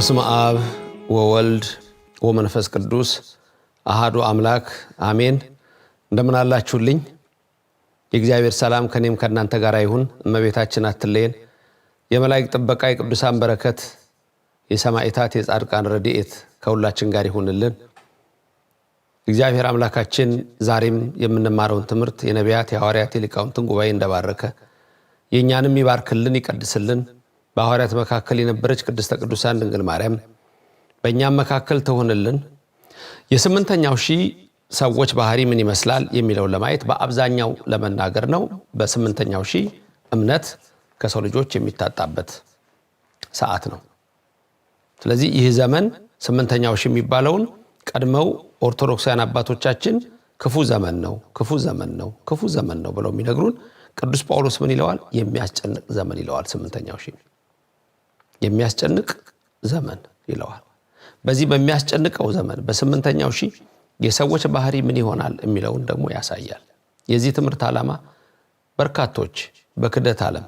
በስመ አብ ወወልድ ወመንፈስ ቅዱስ አሃዱ አምላክ አሜን። እንደምን አላችሁልኝ? የእግዚአብሔር ሰላም ከኔም ከእናንተ ጋር ይሁን። እመቤታችን አትለየን። የመላይቅ ጥበቃ፣ የቅዱሳን በረከት፣ የሰማይታት የጻድቃን ረድኤት ከሁላችን ጋር ይሁንልን። እግዚአብሔር አምላካችን ዛሬም የምንማረውን ትምህርት የነቢያት የሐዋርያት የሊቃውንትን ጉባኤ እንደባረከ የእኛንም ይባርክልን፣ ይቀድስልን በሐዋርያት መካከል የነበረች ቅድስተ ቅዱሳን ድንግል ማርያም በእኛም መካከል ትሆንልን። የስምንተኛው ሺህ ሰዎች ባህሪ ምን ይመስላል የሚለውን ለማየት በአብዛኛው ለመናገር ነው። በስምንተኛው ሺህ እምነት ከሰው ልጆች የሚታጣበት ሰዓት ነው። ስለዚህ ይህ ዘመን ስምንተኛው ሺህ የሚባለውን ቀድመው ኦርቶዶክሳውያን አባቶቻችን ክፉ ዘመን ነው፣ ክፉ ዘመን ነው፣ ክፉ ዘመን ነው ብለው የሚነግሩን ቅዱስ ጳውሎስ ምን ይለዋል? የሚያስጨንቅ ዘመን ይለዋል ስምንተኛው ሺህ የሚያስጨንቅ ዘመን ይለዋል። በዚህ በሚያስጨንቀው ዘመን በስምንተኛው ሺህ የሰዎች ባህሪ ምን ይሆናል የሚለውን ደግሞ ያሳያል። የዚህ ትምህርት ዓላማ በርካቶች በክደት ዓለም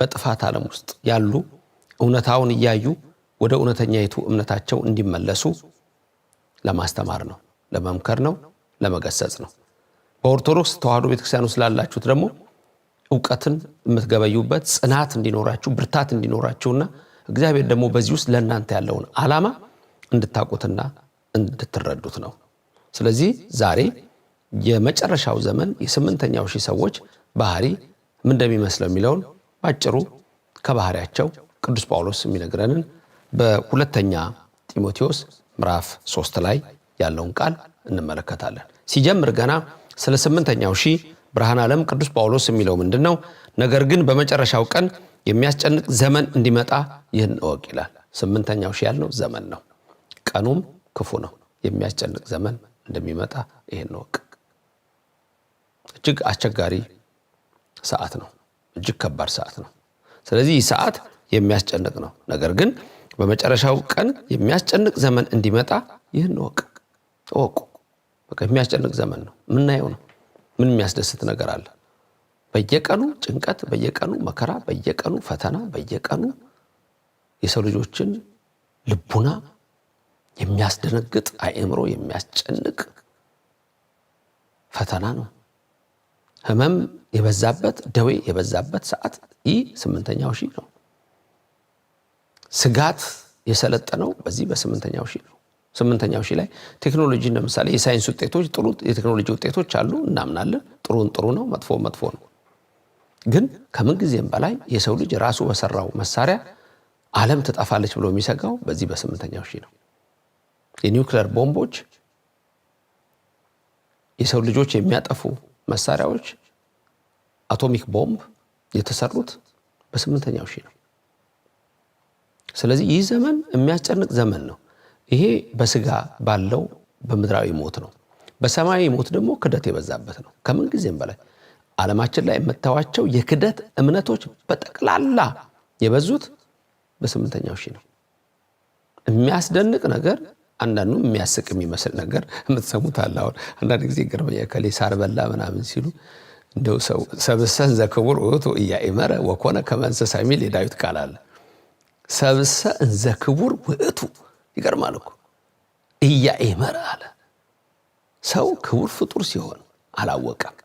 በጥፋት ዓለም ውስጥ ያሉ እውነታውን እያዩ ወደ እውነተኛይቱ እምነታቸው እንዲመለሱ ለማስተማር ነው፣ ለመምከር ነው፣ ለመገሰጽ ነው። በኦርቶዶክስ ተዋህዶ ቤተክርስቲያን ውስጥ ላላችሁት ደግሞ እውቀትን የምትገበዩበት ጽናት እንዲኖራችሁ ብርታት እንዲኖራችሁና እግዚአብሔር ደግሞ በዚህ ውስጥ ለእናንተ ያለውን ዓላማ እንድታውቁትና እንድትረዱት ነው። ስለዚህ ዛሬ የመጨረሻው ዘመን የስምንተኛው ሺህ ሰዎች ባህሪ ምን እንደሚመስለው የሚለውን ባጭሩ ከባህሪያቸው ቅዱስ ጳውሎስ የሚነግረንን በሁለተኛ ጢሞቴዎስ ምዕራፍ ሶስት ላይ ያለውን ቃል እንመለከታለን። ሲጀምር ገና ስለ ስምንተኛው ሺህ ብርሃን ዓለም ቅዱስ ጳውሎስ የሚለው ምንድን ነው? ነገር ግን በመጨረሻው ቀን የሚያስጨንቅ ዘመን እንዲመጣ ይህን እወቅ ይላል። ስምንተኛው ሺ ያልነው ዘመን ነው። ቀኑም ክፉ ነው። የሚያስጨንቅ ዘመን እንደሚመጣ ይህን እወቅ። እጅግ አስቸጋሪ ሰዓት ነው። እጅግ ከባድ ሰዓት ነው። ስለዚህ ይህ ሰዓት የሚያስጨንቅ ነው። ነገር ግን በመጨረሻው ቀን የሚያስጨንቅ ዘመን እንዲመጣ ይህን እወቅ። እወቁ። የሚያስጨንቅ ዘመን ነው። የምናየው ነው። ምን የሚያስደስት ነገር አለ? በየቀኑ ጭንቀት፣ በየቀኑ መከራ፣ በየቀኑ ፈተና፣ በየቀኑ የሰው ልጆችን ልቡና የሚያስደነግጥ አእምሮ የሚያስጨንቅ ፈተና ነው። ህመም የበዛበት ደዌ የበዛበት ሰዓት ይህ ስምንተኛው ሺህ ነው። ስጋት የሰለጠነው በዚህ በስምንተኛው ሺህ ነው። ስምንተኛው ሺህ ላይ ቴክኖሎጂ ለምሳሌ የሳይንስ ውጤቶች ጥሩ የቴክኖሎጂ ውጤቶች አሉ፣ እናምናለን። ጥሩን ጥሩ ነው፣ መጥፎ መጥፎ ነው። ግን ከምንጊዜም በላይ የሰው ልጅ ራሱ በሰራው መሳሪያ ዓለም ትጠፋለች ብሎ የሚሰጋው በዚህ በስምንተኛው ሺህ ነው። የኒውክለር ቦምቦች፣ የሰው ልጆች የሚያጠፉ መሳሪያዎች፣ አቶሚክ ቦምብ የተሰሩት በስምንተኛው ሺህ ነው። ስለዚህ ይህ ዘመን የሚያስጨንቅ ዘመን ነው። ይሄ በስጋ ባለው በምድራዊ ሞት ነው። በሰማያዊ ሞት ደግሞ ክደት የበዛበት ነው። ከምን ጊዜም በላይ ዓለማችን ላይ የምታዋቸው የክደት እምነቶች በጠቅላላ የበዙት በስምንተኛው ሺ ነው። የሚያስደንቅ ነገር አንዳንዱ የሚያስቅ የሚመስል ነገር የምትሰሙት አለ። አሁን አንዳንድ ጊዜ ገርበኛ ከሌ ሳር በላ ምናምን ሲሉ እንደው ሰው ሰብሰን ዘክቡር ውእቱ ኢያእመረ ወኮነ ከመ እንስሳ የሚል የዳዊት ቃል አለ። ሰብሰ እንዘክቡር ውእቱ ይገርማል እኮ ኢያኤመር አለ። ሰው ክቡር ፍጡር ሲሆን አላወቀም።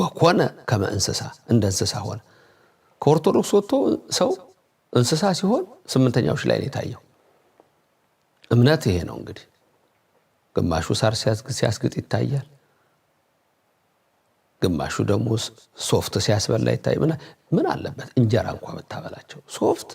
ወኮነ ከመ እንስሳ እንደ እንስሳ ሆነ። ከኦርቶዶክስ ወጥቶ ሰው እንስሳ ሲሆን ስምንተኛዎች ላይ ነው የታየው። እምነት ይሄ ነው እንግዲህ። ግማሹ ሳር ሲያስግጥ ይታያል፣ ግማሹ ደግሞ ሶፍት ሲያስበላ ይታይ። ምን አለበት እንጀራ እንኳ ብታበላቸው ሶፍት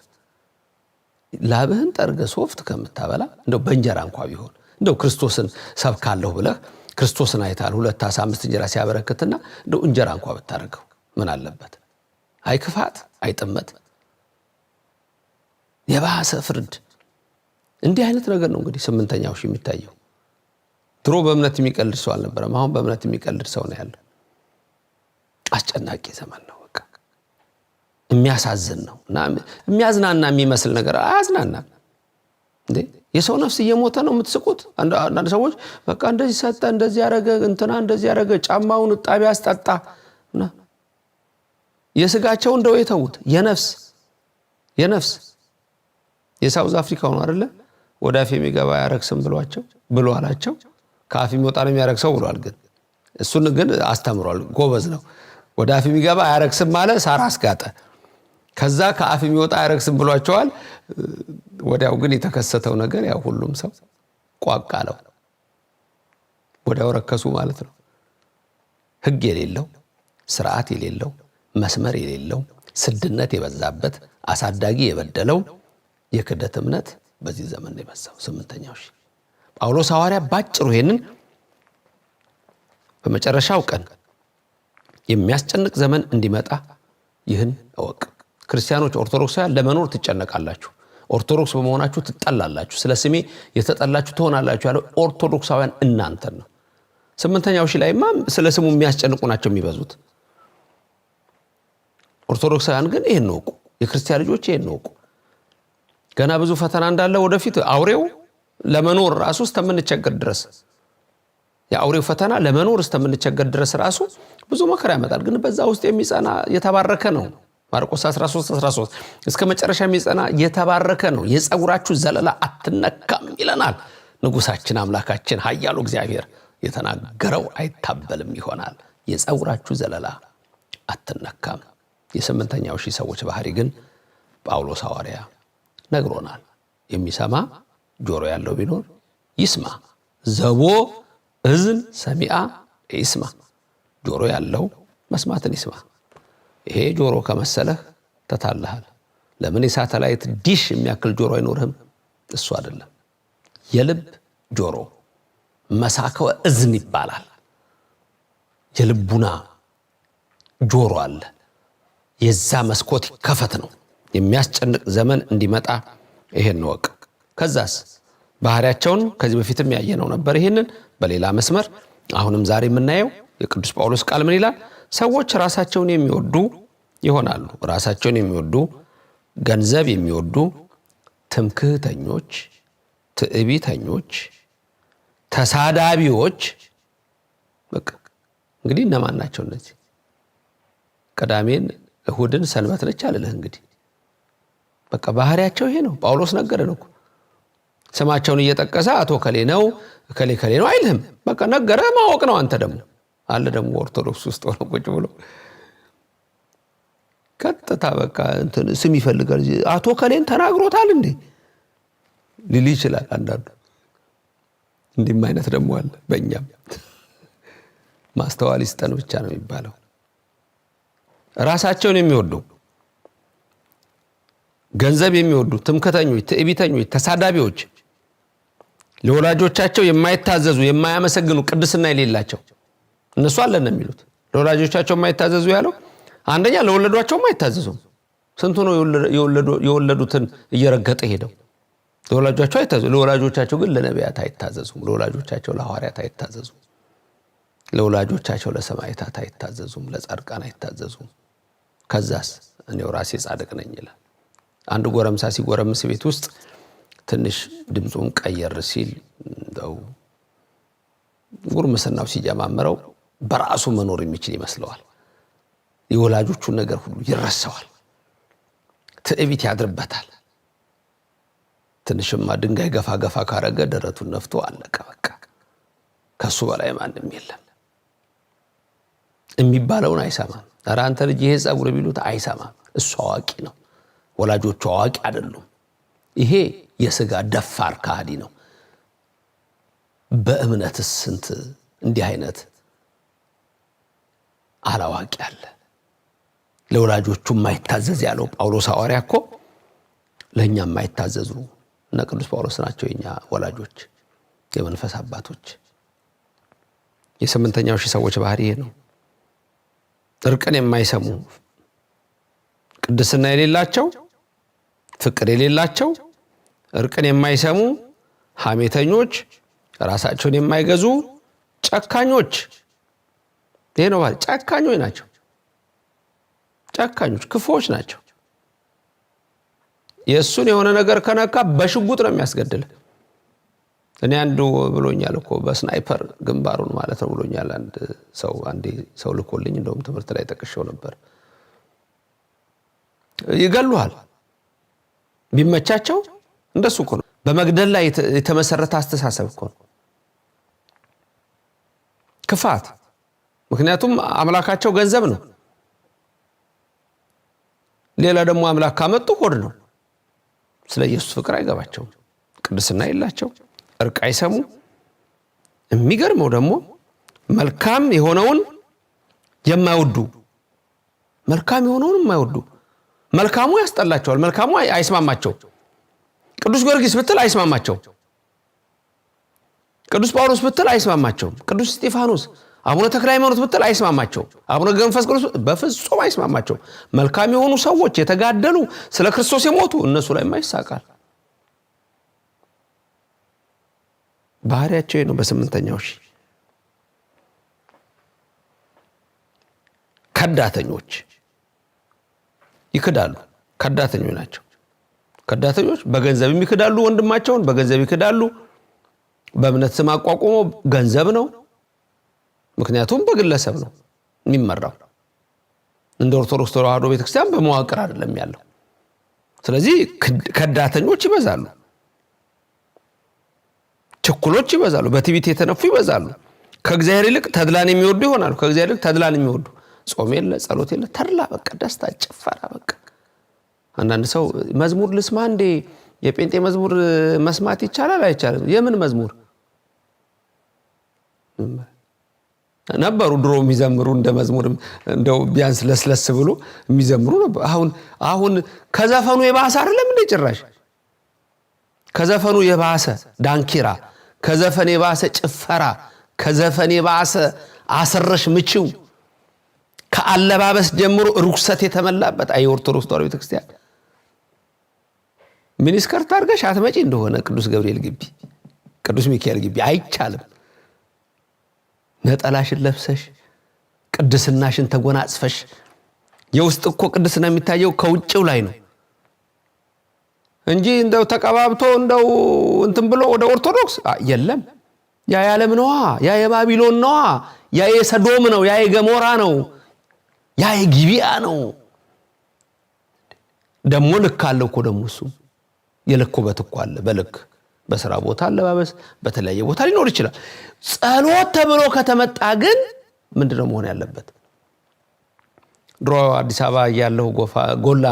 ላብህን ጠርገ ሶፍት ከምታበላ እንደው በእንጀራ እንኳ ቢሆን እንደው ክርስቶስን ሰብካለሁ ብለህ ክርስቶስን አይታል ሁለት ዓሣ አምስት እንጀራ ሲያበረክትና እንደው እንጀራ እንኳ ብታደርገው ምን አለበት? አይ ክፋት፣ አይ ጥመት፣ የባሰ ፍርድ። እንዲህ አይነት ነገር ነው እንግዲህ ስምንተኛው የሚታየው። ድሮ በእምነት የሚቀልድ ሰው አልነበረም። አሁን በእምነት የሚቀልድ ሰው ነው ያለው። አስጨናቂ ዘመን ነው። የሚያሳዝን ነው እና የሚያዝናና የሚመስል ነገር አያዝናናም። የሰው ነፍስ እየሞተ ነው የምትስቁት። አንዳንድ ሰዎች በቃ እንደዚህ ሰጠ፣ እንደዚህ ያረገ፣ እንትና እንደዚህ ያረገ፣ ጫማውን እጣቢ ያስጠጣ፣ የስጋቸው እንደው የተዉት። የነፍስ የነፍስ የሳውዝ አፍሪካ ነው አደለ ወደ አፍ የሚገባ ያረግስም ብሏቸው ብሎ አላቸው። ከአፍ የሚወጣ ነው ሰው ብሏል። ግን እሱን ግን አስተምሯል። ጎበዝ ነው። ወደ አፍ የሚገባ አያረክስም ማለ ሳራ አስጋጠ ከዛ ከአፍ የሚወጣ አያረግስም ብሏቸዋል። ወዲያው ግን የተከሰተው ነገር ያው ሁሉም ሰው ቋቅ ወዲያው ረከሱ ማለት ነው። ህግ የሌለው ስርዓት የሌለው መስመር የሌለው ስድነት የበዛበት አሳዳጊ የበደለው የክደት እምነት በዚህ ዘመን ነው የበዛው። ስምንተኛው ሺ ጳውሎስ ሐዋርያ ባጭሩ ይሄንን በመጨረሻው ቀን የሚያስጨንቅ ዘመን እንዲመጣ ይህን እወቅ። ክርስቲያኖች ኦርቶዶክሳውያን ለመኖር ትጨነቃላችሁ፣ ኦርቶዶክስ በመሆናችሁ ትጠላላችሁ፣ ስለ ስሜ የተጠላችሁ ትሆናላችሁ ያለው ኦርቶዶክሳውያን እናንተን ነው። ስምንተኛው ሺ ላይማ ስለ ስሙ የሚያስጨንቁ ናቸው የሚበዙት። ኦርቶዶክሳውያን ግን ይህን እወቁ፣ የክርስቲያን ልጆች ይህን እወቁ። ገና ብዙ ፈተና እንዳለ ወደፊት አውሬው ለመኖር ራሱ እስተምንቸገር ድረስ የአውሬው ፈተና ለመኖር እስከምንቸገር ድረስ ራሱ ብዙ መከራ ያመጣል። ግን በዛ ውስጥ የሚጸና የተባረከ ነው። ማርቆስ 13 13 እስከ መጨረሻ የሚጸና የተባረከ ነው፣ የፀጉራችሁ ዘለላ አትነካም ይለናል ንጉሳችን አምላካችን ሀያሉ እግዚአብሔር የተናገረው አይታበልም ይሆናል። የፀጉራችሁ ዘለላ አትነካም። የስምንተኛው ሺህ ሰዎች ባህሪ ግን ጳውሎስ አዋርያ ነግሮናል። የሚሰማ ጆሮ ያለው ቢኖር ይስማ። ዘቦ እዝን ሰሚአ ይስማ። ጆሮ ያለው መስማትን ይስማ። ይሄ ጆሮ ከመሰለህ ተታለሃል። ለምን የሳተላይት ዲሽ የሚያክል ጆሮ አይኖርህም? እሱ አይደለም የልብ ጆሮ መሳከወ እዝን ይባላል። የልቡና ጆሮ አለ። የዛ መስኮት ከፈት ነው። የሚያስጨንቅ ዘመን እንዲመጣ ይሄን ወቅ። ከዛስ ባህሪያቸውን ከዚህ በፊትም ያየነው ነበር። ይሄንን በሌላ መስመር አሁንም ዛሬ የምናየው የቅዱስ ጳውሎስ ቃል ምን ይላል? ሰዎች ራሳቸውን የሚወዱ ይሆናሉ። ራሳቸውን የሚወዱ፣ ገንዘብ የሚወዱ፣ ትምክህተኞች፣ ትዕቢተኞች፣ ተሳዳቢዎች። እንግዲህ እነማን ናቸው እነዚህ? ቅዳሜን እሁድን ሰንበት ነች አልልህ። እንግዲህ በቃ ባህሪያቸው ይሄ ነው። ጳውሎስ ነገረን እኮ ስማቸውን እየጠቀሰ አቶ ከሌ ነው ከሌ ከሌ ነው አይልህም። በቃ ነገረ ማወቅ ነው። አንተ ደግሞ አለ ደግሞ ኦርቶዶክስ ውስጥ ሆነ ቁጭ ብሎ ቀጥታ በቃ ስም ይፈልጋል። አቶ ከሌን ተናግሮታል እንዴ ሊል ይችላል። አንዳንዱ እንዲህም አይነት ደግሞ አለ። በእኛም ማስተዋል ይስጠን ብቻ ነው የሚባለው። ራሳቸውን የሚወዱ ገንዘብ የሚወዱ ትምክተኞች፣ ትዕቢተኞች፣ ተሳዳቢዎች፣ ለወላጆቻቸው የማይታዘዙ የማያመሰግኑ ቅድስና የሌላቸው እነሱ አለን ነው የሚሉት። ለወላጆቻቸው የማይታዘዙ ያለው አንደኛ ለወለዷቸው አይታዘዙም። ስንቱ ነው የወለዱትን እየረገጠ ሄደው ለወላጆቻቸው አይታዘዙ ለወላጆቻቸው ግን ለነቢያት አይታዘዙም። ለወላጆቻቸው ለሐዋርያት አይታዘዙም። ለወላጆቻቸው ለሰማይታት አይታዘዙም። ለጻድቃን አይታዘዙም። ከዛስ እኔው ራሴ ጻድቅ ነኝ ይላል። አንድ ጎረምሳ ሲጎረምስ ቤት ውስጥ ትንሽ ድምፁን ቀየር ሲል ጉርምስናው ሲጀማምረው በራሱ መኖር የሚችል ይመስለዋል። የወላጆቹን ነገር ሁሉ ይረሰዋል። ትዕቢት ያድርበታል። ትንሽማ ድንጋይ ገፋ ገፋ ካረገ ደረቱን ነፍቶ አለቀ በቃ። ከሱ በላይ ማንም የለም። የሚባለውን አይሰማም። ኧረ አንተ ልጅ ይሄ ጸጉር ቢሉት አይሰማም። እሱ አዋቂ ነው፣ ወላጆቹ አዋቂ አይደሉም። ይሄ የስጋ ደፋር ካህዲ ነው። በእምነትስ ስንት እንዲህ አይነት አላዋቂ አለ። ለወላጆቹ የማይታዘዝ ያለው ጳውሎስ ሐዋርያ እኮ ለእኛ የማይታዘዙ እነ ቅዱስ ጳውሎስ ናቸው የኛ ወላጆች፣ የመንፈስ አባቶች። የስምንተኛው ሺህ ሰዎች ባህሪ ይሄ ነው። እርቅን የማይሰሙ ቅድስና የሌላቸው ፍቅር የሌላቸው እርቅን የማይሰሙ ሐሜተኞች፣ ራሳቸውን የማይገዙ ጨካኞች ይሄ ነው ባህሪ። ጨካኞች ናቸው። ጨካኞች ክፉዎች ናቸው። የእሱን የሆነ ነገር ከነካ በሽጉጥ ነው የሚያስገድል። እኔ አንዱ ብሎኛል እኮ በስናይፐር ግንባሩን ማለት ነው ብሎኛል። አንድ ሰው አንዴ ሰው ልኮልኝ እንደውም ትምህርት ላይ ጠቅሸው ነበር። ይገሉሃል ቢመቻቸው። እንደሱ እኮ ነው በመግደል ላይ የተመሰረተ አስተሳሰብ እኮ ነው ክፋት ምክንያቱም አምላካቸው ገንዘብ ነው። ሌላ ደግሞ አምላክ ካመጡ ሆድ ነው። ስለ ኢየሱስ ፍቅር አይገባቸውም። ቅድስና የላቸው፣ እርቅ አይሰሙ። የሚገርመው ደግሞ መልካም የሆነውን የማይወዱ መልካም የሆነውን የማይወዱ መልካሙ ያስጠላቸዋል። መልካሙ አይስማማቸው። ቅዱስ ጊዮርጊስ ብትል አይስማማቸው። ቅዱስ ጳውሎስ ብትል አይስማማቸውም። ቅዱስ እስጢፋኖስ አቡነ ተክለ ሃይማኖት ብትል አይስማማቸው። አቡነ ገንፈስ ቅዱስ በፍጹም አይስማማቸው። መልካም የሆኑ ሰዎች የተጋደሉ ስለ ክርስቶስ የሞቱ እነሱ ላይ ማይሳቃል ባህርያቸው ነው። በስምንተኛው ሺ ከዳተኞች ይክዳሉ። ከዳተኞች ናቸው። ከዳተኞች በገንዘብም ይክዳሉ፣ ወንድማቸውን በገንዘብ ይክዳሉ። በእምነት ስም አቋቁሞ ገንዘብ ነው ምክንያቱም በግለሰብ ነው የሚመራው። እንደ ኦርቶዶክስ ተዋሕዶ ቤተክርስቲያን በመዋቅር አይደለም ያለው። ስለዚህ ከዳተኞች ይበዛሉ፣ ችኩሎች ይበዛሉ፣ በትቢት የተነፉ ይበዛሉ። ከእግዚአብሔር ይልቅ ተድላን የሚወዱ ይሆናሉ። ከእግዚአብሔር ይልቅ ተድላን የሚወዱ ጾም የለ ጸሎት የለ ተድላ በቃ ደስታ ጭፈራ በቃ አንዳንድ ሰው መዝሙር ልስማ እንዴ የጴንጤ መዝሙር መስማት ይቻላል አይቻልም የምን መዝሙር ነበሩ ድሮ የሚዘምሩ እንደ መዝሙር እንደው ቢያንስ ለስለስ ብሎ የሚዘምሩ ነበር። አሁን አሁን ከዘፈኑ የባሰ አይደለም እንደ ጭራሽ ከዘፈኑ የባሰ ዳንኪራ፣ ከዘፈን የባሰ ጭፈራ፣ ከዘፈን የባሰ አስረሽ ምችው፣ ከአለባበስ ጀምሮ ርኩሰት የተመላበት አይ ኦርቶዶክስ ተዋሕዶ ቤተክርስቲያን ሚኒስከርት አድርገሽ አትመጪ እንደሆነ ቅዱስ ገብርኤል ግቢ፣ ቅዱስ ሚካኤል ግቢ አይቻልም። ነጠላሽን ለብሰሽ ቅድስናሽን ተጎናጽፈሽ የውስጥ እኮ ቅድስና የሚታየው ከውጭው ላይ ነው እንጂ እንደው ተቀባብቶ እንደው እንትን ብሎ ወደ ኦርቶዶክስ የለም። ያ የዓለም ነዋ፣ ያ የባቢሎን ነዋ፣ ያ የሰዶም ነው፣ ያ የገሞራ ነው፣ ያ የጊቢያ ነው። ደግሞ ልክ አለው እኮ ደግሞ እሱ የልኩበት እኮ አለ በልክ በስራ ቦታ አለባበስ፣ በተለያየ ቦታ ሊኖር ይችላል። ጸሎት ተብሎ ከተመጣ ግን ምንድነው መሆን ያለበት? ድሮ አዲስ አበባ እያለሁ ጎላ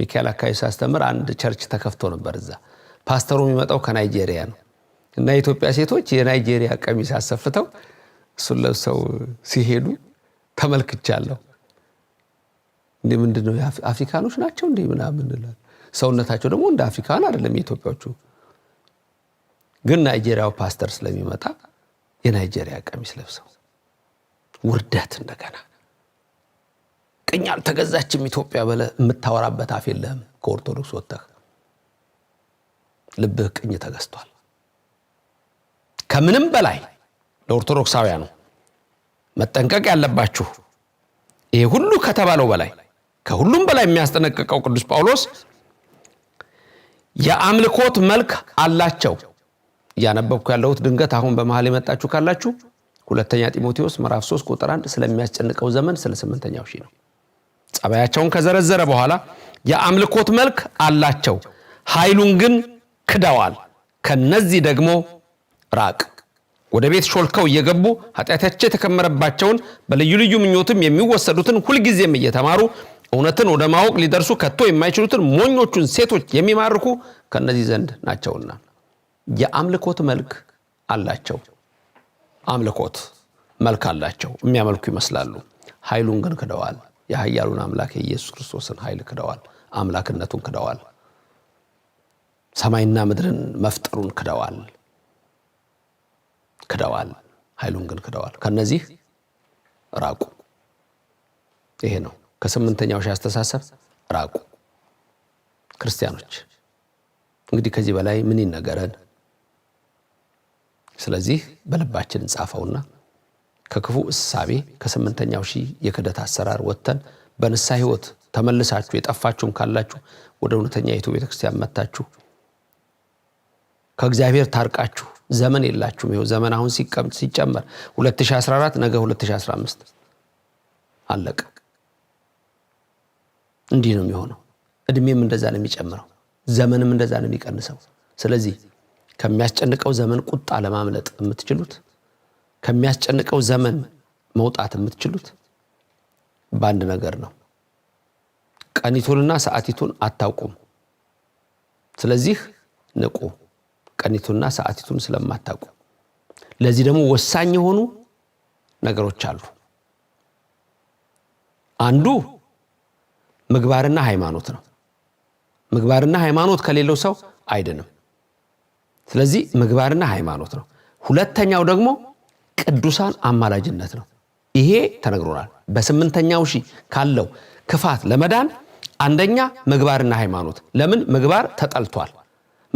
ሚካኤል አካባቢ ሳስተምር አንድ ቸርች ተከፍቶ ነበር። እዛ ፓስተሩ የሚመጣው ከናይጄሪያ ነው እና የኢትዮጵያ ሴቶች የናይጄሪያ ቀሚስ አሰፍተው እሱን ለብሰው ሲሄዱ ተመልክቻለሁ። እንዲህ ምንድነው አፍሪካኖች ናቸው እንዲህ ምናምን፣ ሰውነታቸው ደግሞ እንደ አፍሪካን አይደለም የኢትዮጵያዎቹ ግን ናይጄሪያው ፓስተር ስለሚመጣ የናይጄሪያ ቀሚስ ለብሰው ውርደት እንደገና ቅኝ አልተገዛችም ኢትዮጵያ በለ የምታወራበት አፍ የለህም። ከኦርቶዶክስ ወጥተህ ልብህ ቅኝ ተገዝቷል። ከምንም በላይ ለኦርቶዶክሳውያኑ መጠንቀቅ ያለባችሁ ይሄ ሁሉ ከተባለው በላይ ከሁሉም በላይ የሚያስጠነቅቀው ቅዱስ ጳውሎስ የአምልኮት መልክ አላቸው እያነበብኩ ያለሁት ድንገት አሁን በመሀል የመጣችሁ ካላችሁ ሁለተኛ ጢሞቴዎስ ምዕራፍ 3 ቁጥር 1 ስለሚያስጨንቀው ዘመን ስለ ስምንተኛው ሺ ነው። ጸባያቸውን ከዘረዘረ በኋላ የአምልኮት መልክ አላቸው፣ ኃይሉን ግን ክደዋል። ከነዚህ ደግሞ ራቅ። ወደ ቤት ሾልከው እየገቡ ኃጢአታቸው የተከመረባቸውን በልዩ ልዩ ምኞትም የሚወሰዱትን ሁልጊዜም እየተማሩ እውነትን ወደ ማወቅ ሊደርሱ ከቶ የማይችሉትን ሞኞቹን ሴቶች የሚማርኩ ከነዚህ ዘንድ ናቸውና የአምልኮት መልክ አላቸው። አምልኮት መልክ አላቸው፣ የሚያመልኩ ይመስላሉ። ኃይሉን ግን ክደዋል። የኃያሉን አምላክ የኢየሱስ ክርስቶስን ኃይል ክደዋል። አምላክነቱን ክደዋል። ሰማይና ምድርን መፍጠሩን ክደዋል ክደዋል። ኃይሉን ግን ክደዋል። ከነዚህ ራቁ። ይሄ ነው ከስምንተኛው ሺህ አስተሳሰብ ራቁ ክርስቲያኖች። እንግዲህ ከዚህ በላይ ምን ይነገረን? ስለዚህ በልባችን እንጻፈውና ከክፉ እሳቤ ከስምንተኛው ሺህ የክደት አሰራር ወጥተን በንሳ ህይወት ተመልሳችሁ የጠፋችሁም ካላችሁ ወደ እውነተኛ ይቱ ቤተክርስቲያን መታችሁ ከእግዚአብሔር ታርቃችሁ ዘመን የላችሁም። ይኸው ዘመን አሁን ሲጨመር 2014 ነገ 2015 አለቀ። እንዲህ ነው የሚሆነው። እድሜም እንደዛ ነው የሚጨምረው፣ ዘመንም እንደዛ ነው የሚቀንሰው። ስለዚህ ከሚያስጨንቀው ዘመን ቁጣ ለማምለጥ የምትችሉት ከሚያስጨንቀው ዘመን መውጣት የምትችሉት በአንድ ነገር ነው። ቀኒቱንና ሰዓቲቱን አታውቁም። ስለዚህ ንቁ፣ ቀኒቱንና ሰዓቲቱን ስለማታውቁ። ለዚህ ደግሞ ወሳኝ የሆኑ ነገሮች አሉ። አንዱ ምግባርና ሃይማኖት ነው። ምግባርና ሃይማኖት ከሌለው ሰው አይድንም። ስለዚህ ምግባርና ሃይማኖት ነው። ሁለተኛው ደግሞ ቅዱሳን አማላጅነት ነው። ይሄ ተነግሮናል። በስምንተኛው ሺህ ካለው ክፋት ለመዳን አንደኛ ምግባርና ሃይማኖት። ለምን ምግባር ተጠልቷል።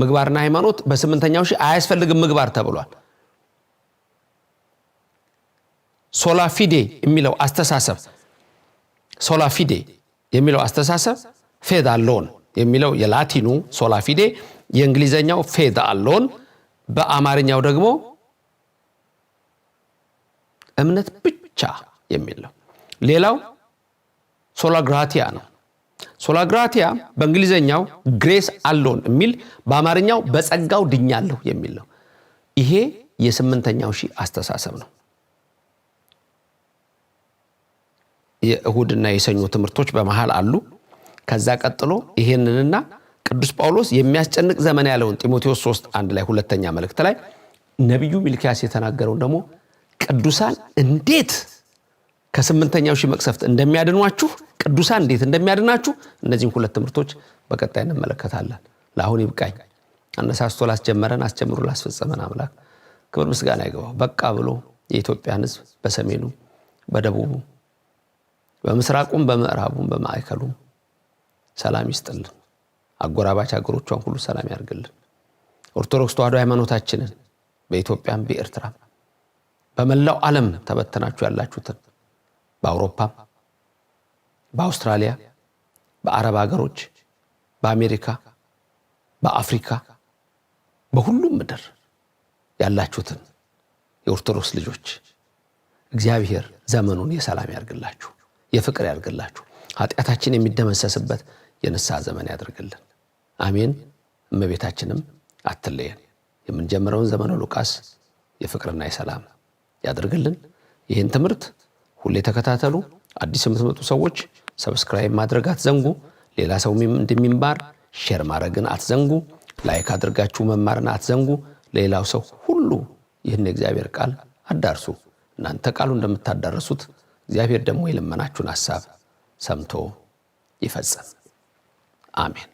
ምግባርና ሃይማኖት በስምንተኛው ሺህ አያስፈልግም ምግባር ተብሏል። ሶላፊዴ የሚለው አስተሳሰብ ሶላፊዴ የሚለው አስተሳሰብ ፌድ አለውን የሚለው የላቲኑ ሶላፊዴ የእንግሊዘኛው ፌድ አሎን በአማርኛው ደግሞ እምነት ብቻ የሚል ነው። ሌላው ሶላግራቲያ ነው። ሶላግራቲያ በእንግሊዘኛው ግሬስ አሎን የሚል በአማርኛው በጸጋው ድኛለሁ የሚል ነው። ይሄ የስምንተኛው ሺህ አስተሳሰብ ነው። የእሁድና የሰኞ ትምህርቶች በመሃል አሉ። ከዛ ቀጥሎ ይሄንንና ቅዱስ ጳውሎስ የሚያስጨንቅ ዘመን ያለውን ጢሞቴዎስ 3 1 ላይ ሁለተኛ መልእክት ላይ ነቢዩ ሚልኪያስ የተናገረውን ደግሞ ቅዱሳን እንዴት ከስምንተኛው ሺህ መቅሰፍት እንደሚያድኗችሁ ቅዱሳን እንዴት እንደሚያድናችሁ እነዚህን ሁለት ትምህርቶች በቀጣይ እንመለከታለን። ለአሁን ይብቃኝ። አነሳስቶ ላስጀመረን አስጀምሮ ላስፈጸመን አምላክ ክብር ምስጋና ይገባው። በቃ ብሎ የኢትዮጵያን ህዝብ በሰሜኑ፣ በደቡቡ፣ በምስራቁም፣ በምዕራቡም፣ በማዕከሉም ሰላም ይስጥልን። አጎራባች ሀገሮቿን ሁሉ ሰላም ያርግልን። ኦርቶዶክስ ተዋዶ ሃይማኖታችንን በኢትዮጵያም በኤርትራም በመላው ዓለም ተበተናችሁ ያላችሁትን በአውሮፓም በአውስትራሊያ በአረብ ሀገሮች በአሜሪካ በአፍሪካ በሁሉም ምድር ያላችሁትን የኦርቶዶክስ ልጆች እግዚአብሔር ዘመኑን የሰላም ያርግላችሁ፣ የፍቅር ያርግላችሁ፣ ኃጢአታችን የሚደመሰስበት የንስሐ ዘመን ያደርግልን። አሜን። እመቤታችንም አትለየን። የምንጀምረውን ዘመነ ሉቃስ የፍቅርና የሰላም ያደርግልን። ይህን ትምህርት ሁሌ ተከታተሉ። አዲስ የምትመጡ ሰዎች ሰብስክራይብ ማድረግ አትዘንጉ። ሌላ ሰው እንደሚማር ሼር ማድረግን አትዘንጉ። ላይክ አድርጋችሁ መማርን አትዘንጉ። ለሌላው ሰው ሁሉ ይህን የእግዚአብሔር ቃል አዳርሱ። እናንተ ቃሉ እንደምታዳርሱት እግዚአብሔር ደግሞ የለመናችሁን ሐሳብ ሰምቶ ይፈጽም። አሜን።